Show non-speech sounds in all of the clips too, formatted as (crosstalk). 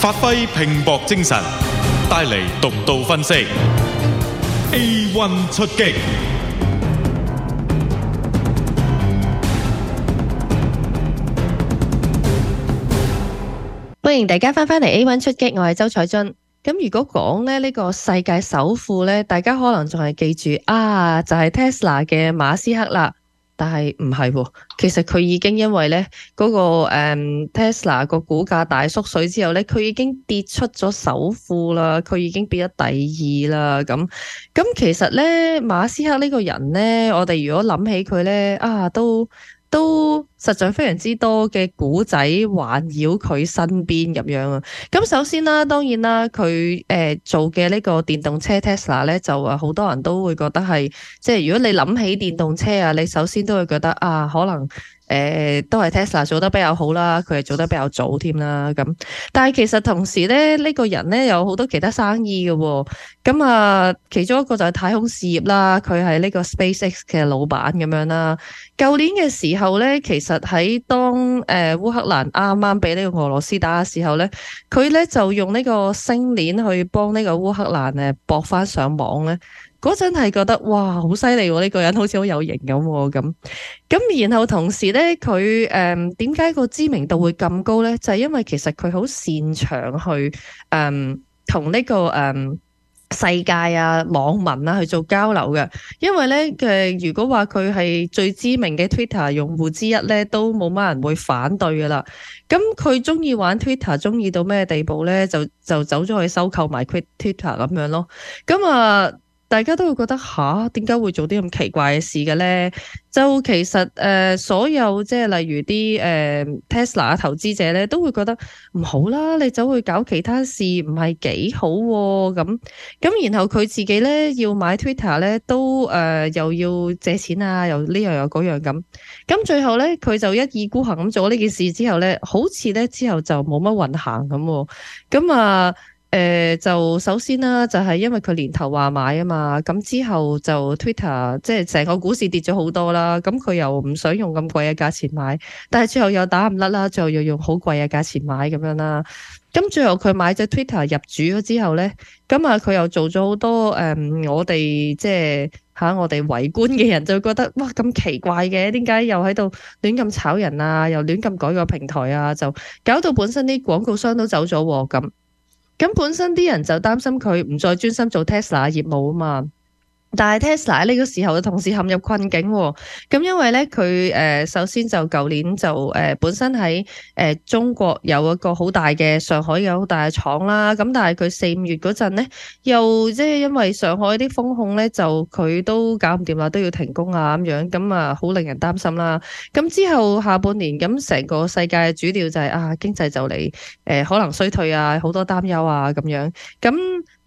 發揮拼搏精神，帶嚟獨到分析。A one 出擊，歡迎大家翻返嚟。A one 出擊，我係周彩俊。咁如果講咧呢個世界首富呢，大家可能仲係記住啊，就係、是、Tesla 嘅馬斯克啦。但係唔係喎，其實佢已經因為呢嗰，那個，嗯、Tesla 個股價大縮水之後呢，佢已經跌出咗首富啦，佢已經跌咗第二啦。咁咁其實呢馬斯克呢個人呢，我哋如果諗起佢呢，啊都。都實在非常之多嘅古仔環繞佢身邊咁樣啊！咁首先啦，當然啦，佢誒、呃、做嘅呢個電動車 Tesla 咧，就話好多人都會覺得係即係，如果你諗起電動車啊，你首先都會覺得啊，可能誒、呃、都係 Tesla 做得比較好啦，佢係做得比較早添啦咁。但係其實同時咧，呢、這個人咧有好多其他生意嘅喎、哦。咁啊，其中一個就係太空事業啦，佢係呢個 SpaceX 嘅老闆咁樣啦。舊年嘅時候咧，其實喺當誒烏、呃、克蘭啱啱俾呢個俄羅斯打嘅時候咧，佢咧就用呢個星鏈去幫呢個烏克蘭誒駁返上網咧。嗰陣係覺得哇，好犀利喎！呢、這個人好似好有型咁咁咁。然後同時咧，佢誒點解個知名度會咁高咧？就係、是、因為其實佢好擅長去誒、呃、同呢、這個誒。呃世界啊，網民啊，去做交流嘅。因為咧，佢如果話佢係最知名嘅 Twitter 用戶之一咧，都冇乜人會反對噶啦。咁佢中意玩 Twitter，中意到咩地步咧？就就走咗去收購埋 Twitter 咁樣咯。咁啊。大家都會覺得吓，點解會做啲咁奇怪嘅事嘅咧？就其實誒、呃，所有即係例如啲誒 Tesla 投資者咧，都會覺得唔好啦，你走去搞其他事唔係幾好喎、啊。咁咁，然後佢自己咧要買 Twitter 咧，都誒、呃、又要借錢啊，又呢樣又嗰樣咁。咁最後咧，佢就一意孤行咁做呢件事之後咧，好似咧之後就冇乜運行咁。咁啊～誒、呃，就首先啦，就係、是、因為佢年頭話買啊嘛，咁之後就 Twitter，即係成個股市跌咗好多啦，咁佢又唔想用咁貴嘅價錢買，但係最後又打唔甩啦，最後又用好貴嘅價錢買咁樣啦，咁最後佢買咗 Twitter 入主咗之後呢，咁啊佢又做咗好多誒、嗯，我哋即係吓、啊、我哋圍觀嘅人就覺得哇咁奇怪嘅，點解又喺度亂咁炒人啊，又亂咁改個平台啊，就搞到本身啲廣告商都走咗喎咁。咁本身啲人就擔心佢唔再專心做 Tesla 業務啊嘛。但係 Tesla 呢個時候嘅同時陷入困境，哦，咁因為呢，佢誒首先就舊年就誒本身喺誒中國有一個好大嘅上海有好大嘅廠啦，咁但係佢四五月嗰陣呢，又即係因為上海啲風控呢，就佢都搞唔掂啦，都要停工啊咁樣，咁啊好令人擔心啦。咁之後下半年咁成個世界主調就係、是、啊經濟就嚟誒可能衰退啊，好多擔憂啊咁樣咁。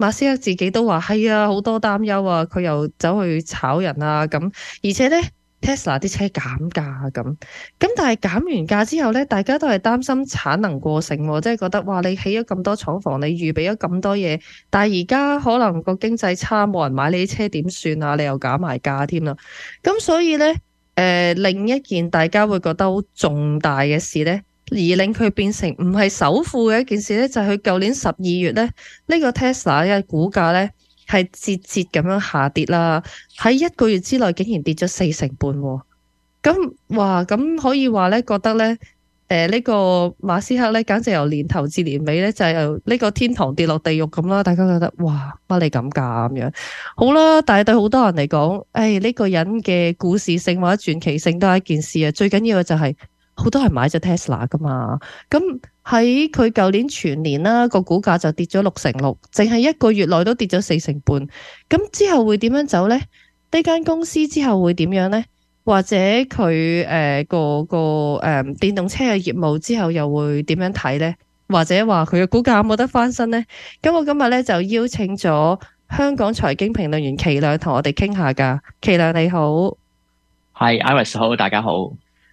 馬斯克自己都話係啊，好多擔憂啊，佢又走去炒人啊咁，而且呢 Tesla 啲車減價咁，咁但係減完價之後呢，大家都係擔心產能過剩喎、啊，即係覺得哇，你起咗咁多廠房，你預備咗咁多嘢，但係而家可能個經濟差，冇人買你啲車點算啊？你又減埋價添啦，咁所以呢，誒、呃、另一件大家會覺得好重大嘅事呢。而令佢變成唔係首富嘅一件事咧，就係佢舊年十二月咧，呢個 Tesla 嘅股價咧係節節咁樣下跌啦，喺一個月之內竟然跌咗四成半喎。咁哇，咁可以話咧，覺得咧，誒呢個馬斯克咧，簡直由年頭至年尾咧，就係由呢個天堂跌落地獄咁啦。大家覺得哇，乜你咁噶咁樣？好啦，但係對好多人嚟講，誒呢個人嘅故事性或者傳奇性都係一件事啊。最緊要嘅就係。好多人買咗 Tesla 噶嘛，咁喺佢舊年全年啦，個股價就跌咗六成六，淨係一個月內都跌咗四成半。咁之後會點樣走呢？呢間公司之後會點樣呢？或者佢誒、呃、個個誒、呃、電動車嘅業務之後又會點樣睇呢？或者話佢嘅股價有冇得翻身呢？咁我今日咧就邀請咗香港財經評論員祁亮同我哋傾下噶。祁亮你好，係 Iris 好，大家好。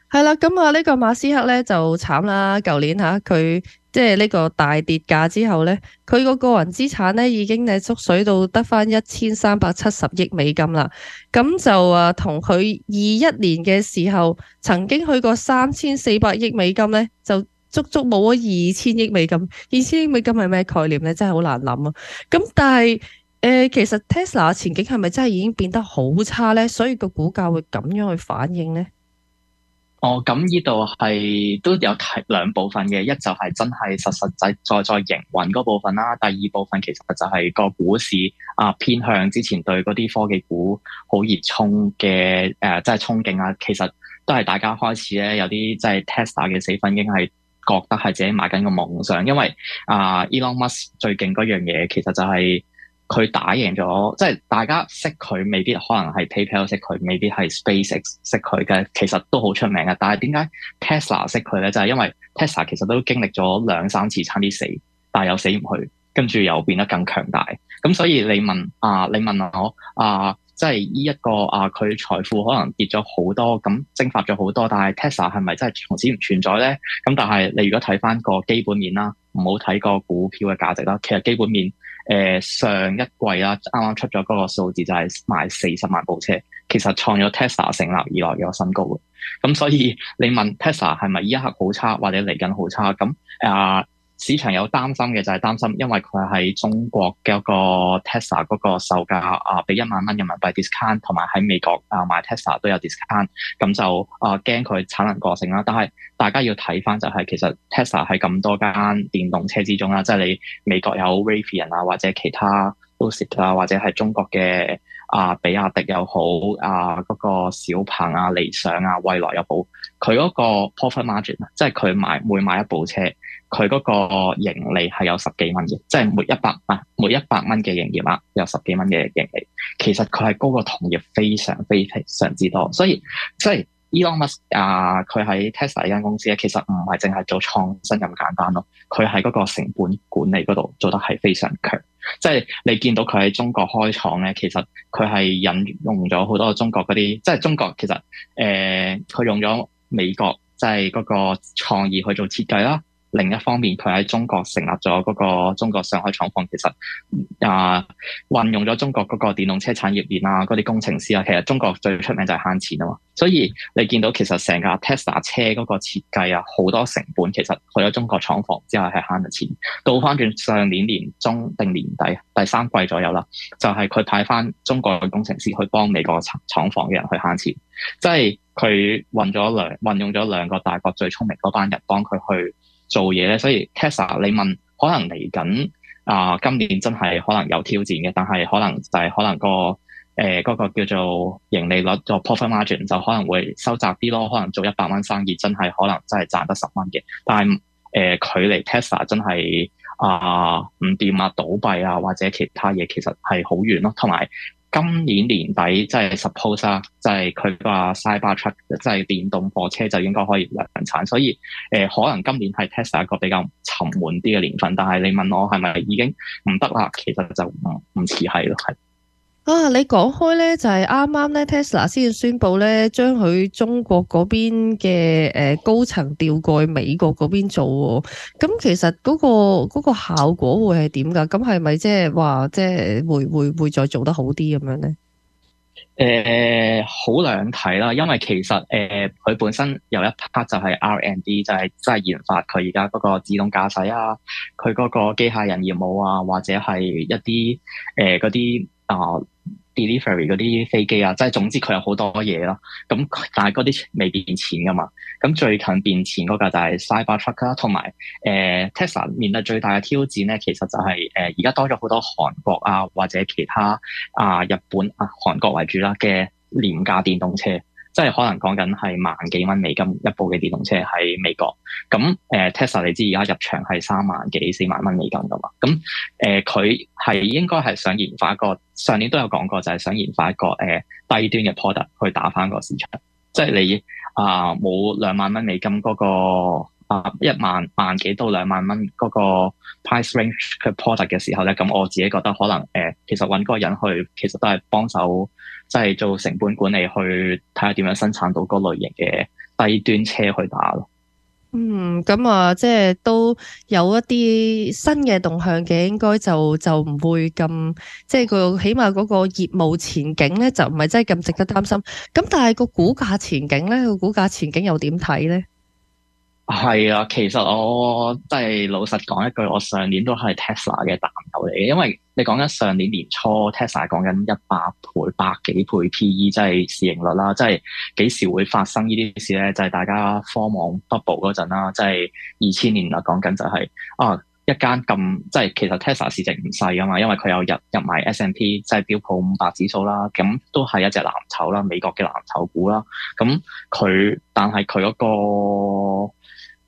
係啦，咁啊、嗯，呢、這個馬斯克咧就慘啦。舊年吓、啊、佢即係呢個大跌價之後咧，佢個個人資產咧已經係縮水到得返一千三百七十億美金啦。咁就啊，同佢二一年嘅時候曾經去過三千四百億美金咧，就足足冇咗二千億美金。二千億美金係咩概念咧？真係好難諗啊。咁但係誒、呃，其實 Tesla 前景係咪真係已經變得好差咧？所以個股價會咁樣去反應咧？哦，咁呢度係都有提兩部分嘅，一就係真係實實在在營運嗰部分啦，第二部分其實就係個股市啊、呃、偏向之前對嗰啲科技股好熱衷嘅誒，即係憧憬啊，其實都係大家開始咧有啲即係 Tesla 嘅死粉已經係覺得係自己買緊個夢想，因為啊、呃、Elon Musk 最勁嗰樣嘢其實就係、是。佢打贏咗，即係大家識佢，未必可能係 PayPal 識佢，未必係 SpaceX 識佢嘅，其實都好出名嘅。但係點解 Tesla 識佢咧？就係因為 Tesla 其實都經歷咗兩三次差啲死，但係又死唔去，跟住又變得更強大。咁所以你問啊，你問我啊，即係呢一個啊，佢財富可能跌咗好多，咁蒸發咗好多，但係 Tesla 係咪真係從此唔存在咧？咁但係你如果睇翻個基本面啦，唔好睇個股票嘅價值啦，其實基本面。誒、呃，上一季啦、啊，啱啱出咗嗰個數字就係賣四十萬部車，其實創咗 Tesla 成立以來嘅新高。咁、嗯、所以你問 Tesla 係咪依一刻好差，或者嚟緊好差？咁啊？呃市場有擔心嘅就係擔心，因為佢喺中國嘅一個 Tesla 嗰個售價啊，俾一萬蚊人民幣 discount，同埋喺美國啊買 Tesla 都有 discount，咁就啊驚佢產能過剩啦。但係大家要睇返就係其實 Tesla 喺咁多間電動車之中啦，即係你美國有 Rivian 啊，或者其他 Lucid 啊，或者係中國嘅。啊，比亞迪又好，啊，嗰、那個小鵬啊、理想啊、蔚來又好，佢嗰個 profit margin，即係佢買每買一部車，佢嗰個盈利係有十幾蚊嘅，即係每一百啊每一百蚊嘅營業額、啊、有十幾蚊嘅盈利，其實佢係高過同業非常非常之多，所以即係。Elon Musk 啊，佢喺 Tesla 呢間公司咧，其實唔係淨係做創新咁簡單咯。佢喺嗰個成本管理嗰度做得係非常強，即係你見到佢喺中國開廠咧，其實佢係引用咗好多中國嗰啲，即係中國其實誒，佢、呃、用咗美國即係嗰個創意去做設計啦。另一方面，佢喺中國成立咗嗰個中國上海廠房，其實啊，呃，運用咗中國嗰個電動車產業鏈啊，嗰啲工程師啊，其實中國最出名就係慳錢啊嘛。所以你見到其實成架 Tesla 車嗰個設計啊，好多成本其實去咗中國廠房之後係慳咗錢。倒翻轉上年年中定年底第三季左右啦，就係、係、佢派翻中國嘅工程師去幫美國廠房嘅人去慳錢，即係佢運咗兩運用咗兩個大國最聰明嗰班人幫佢去。做嘢咧，所以 Tesla 你問，可能嚟緊啊，今年真係可能有挑戰嘅，但係可能就係可能、嗰個誒嗰、呃嗰個、叫做盈利率、嗰個 profit margin 就可能會收窄啲咯，可能做一百蚊生意真係可能真係賺得十蚊嘅，但係誒、呃、距離 Tesla 真係、呃、啊唔掂啊倒閉啊或者其他嘢其實係好遠咯、啊，同埋，今年年底即係 suppose 啦，即係佢個 Cybertruck 即係電動貨車就應該可以量產，所以誒、呃、可能今年係 Tesla 一個比較沉悶啲嘅年份，但係你問我係咪已經唔得啦，其實就唔唔似係咯，係。啊！你講開咧，就係啱啱咧，Tesla 先至宣布咧，將佢中國嗰邊嘅誒、呃、高層調過去美國嗰邊做喎、哦。咁、嗯、其實嗰、嗰個嗰個效果會係點噶？咁係咪即係話即係會會會再做得好啲咁樣咧？誒、呃，好兩睇啦，因為其實誒佢、呃、本身有一 part 就係 R&D 就係即係研發佢而家嗰個自動駕駛啊，佢嗰個機械人業務啊，或者係一啲誒嗰啲。呃啊、uh、delivery 嗰啲飛機啊，即係總之佢有好多嘢咯。咁但係嗰啲未變錢噶嘛。咁最近變錢嗰個就係 Cybertruck 啦、啊，同埋誒 Tesla 面對最大嘅挑戰咧，其實就係誒而家多咗好多韓國啊，或者其他啊日本啊韓國為主啦嘅廉價電動車。即係可能講緊係萬幾蚊美金一部嘅電動車喺美國，咁誒、呃、Tesla 你知而家入場係三萬幾四萬蚊美金㗎嘛？咁誒佢係應該係想研發一個，上年都有講過就係想研發一個誒、呃、低端嘅 product 去打返個市場，即係你啊冇兩萬蚊美金嗰、那個。啊！一萬萬幾到兩萬蚊嗰個 price range product 嘅時候咧，咁我自己覺得可能誒、呃，其實揾嗰個人去，其實都係幫手，即係做成本管理，去睇下點樣生產到嗰類型嘅低端車去打咯、嗯。嗯，咁、嗯、啊，即係都有一啲新嘅動向嘅，應該就就唔會咁，即係個起碼嗰個業務前景咧，就唔係真係咁值得擔心。咁但係個股價前景咧，個股價前景又點睇咧？係啊，其實我即係老實講一句，我上年都係 Tesla 嘅淡友嚟嘅。因為你講緊上年年初，Tesla 講緊一百倍、百幾倍 PE，即係市盈率啦，即係幾時會發生呢啲事咧？就係、是、大家科網 bubble 嗰陣啦，即係二千年啦、就是，講緊就係啊，一間咁即係其實 Tesla 市值唔細噶嘛，因為佢有入入埋 S&P，即係標普五百指數啦，咁都係一隻藍籌啦，美國嘅藍籌股啦，咁佢但係佢嗰個。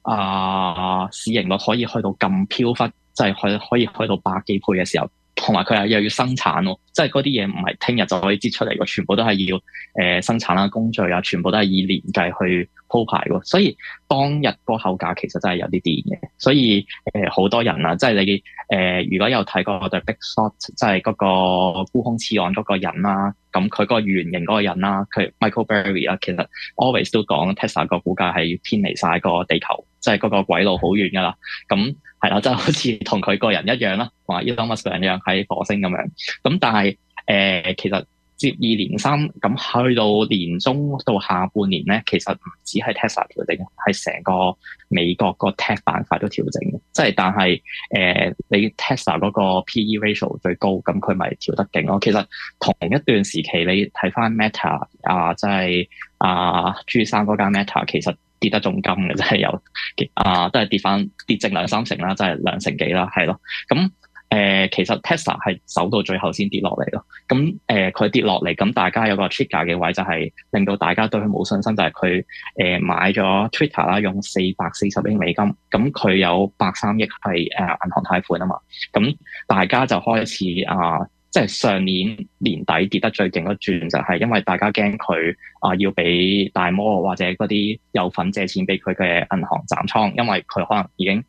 啊！Uh, 市盈率可以去到咁飄忽，即係去可以去到百幾倍嘅時候。同埋佢係又要生產咯，即係嗰啲嘢唔係聽日就可以擠出嚟嘅，全部都係要誒、呃、生產啦、啊、工序啊，全部都係以年計去鋪排喎。所以當日嗰個口價其實真係有啲癲嘅。所以誒，好、呃、多人啊，即係你誒、呃，如果有睇過我對 Big Shot，即係嗰個沽空次按嗰個人啦、啊，咁佢個原型嗰個人啦、啊，佢 Michael Burry 啊，其實 always 都講 Tesla 個股價係偏離晒個地球，即係嗰個軌路好遠噶啦，咁。係啦，就好似同佢個人一樣啦，同埋埃隆馬斯克一樣喺火星咁樣。咁但係誒、呃，其實接二連三咁去到年中到下半年咧，其實唔止係 Tesla 調整，係成個美國個 tech 板塊都調整嘅。即係但係誒、呃，你 Tesla 嗰個 PE ratio 最高，咁佢咪調得勁咯。其實同一段時期，你睇翻 Meta 啊，即係，啊，G3 嗰間 Meta 其實。跌得重金嘅真係有， (laughs) 啊都係跌翻跌剩兩三成啦，即係兩成幾啦，係咯。咁、嗯、誒、呃、其實 Tesla 係走到最後先跌落嚟咯。咁誒佢跌落嚟，咁、嗯、大家有個 trigger 嘅位就係、是、令到大家對佢冇信心，就係佢誒買咗 Twitter 啦，用四百四十億美金，咁、嗯、佢有百三億係誒銀行貸款啊嘛。咁、嗯、大家就開始啊～、呃即係上年年底跌得最勁嗰轉，就係因為大家驚佢啊，要俾大摩或者嗰啲有份借錢俾佢嘅銀行斬倉，因為佢可能已經誒、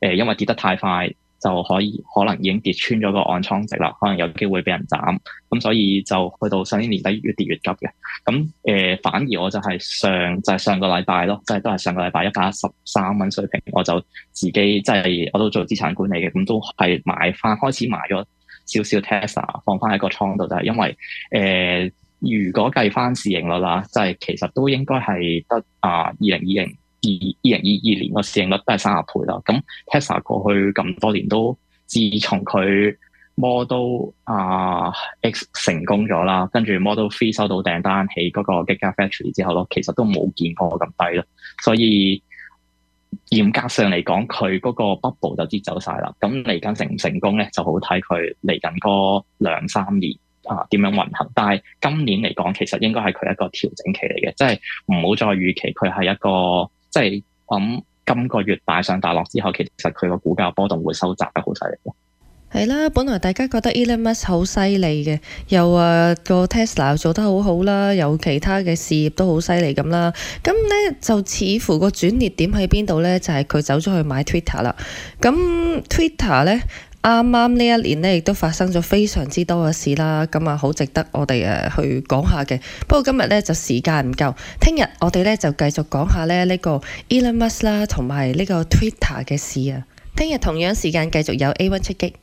呃，因為跌得太快，就可以可能已經跌穿咗個按倉值啦，可能有機會俾人斬。咁所以就去到上年年底越跌越急嘅。咁誒、呃，反而我就係上就係、是、上個禮拜咯，即、就、係、是、都係上個禮拜一百一十三蚊水平，我就自己即係我都做資產管理嘅，咁都係買返開始買咗。少少 Tesla 放翻喺個倉度，就係、是、因為誒、呃，如果計翻市盈率啦，就係、是、其實都應該係得啊，二零二零二二零二二年個市盈率都係三十倍啦。咁 Tesla 過去咁多年都，自從佢 Model 啊 X 成功咗啦，跟住 Model Three 收到訂單起嗰個 Giga Factory 之後咯，其實都冇見過咁低咯，所以。嚴格上嚟講，佢嗰個 bubble 就支走晒啦。咁嚟緊成唔成功咧，就好睇佢嚟緊嗰兩三年啊點樣運行。但係今年嚟講，其實應該係佢一個調整期嚟嘅，即係唔好再預期佢係一個即係咁今個月大上大落之後，其實佢個股價波動會收窄得好犀利嘅。係啦，本來大家覺得 Elon Musk 好犀利嘅，又話個 Tesla 做得好好啦，有其他嘅事業都好犀利咁啦。咁呢，就似乎個轉捩點喺邊度呢？就係佢走咗去買 Twitter 啦。咁 Twitter 呢，啱啱呢一年呢，亦都發生咗非常之多嘅事啦。咁啊，好值得我哋誒去講下嘅。不過今日呢，就時間唔夠，聽日我哋呢，就繼續講下咧呢個 Elon Musk 啦，同埋呢個 Twitter 嘅事啊。聽日同樣時間繼續有 A one 出擊。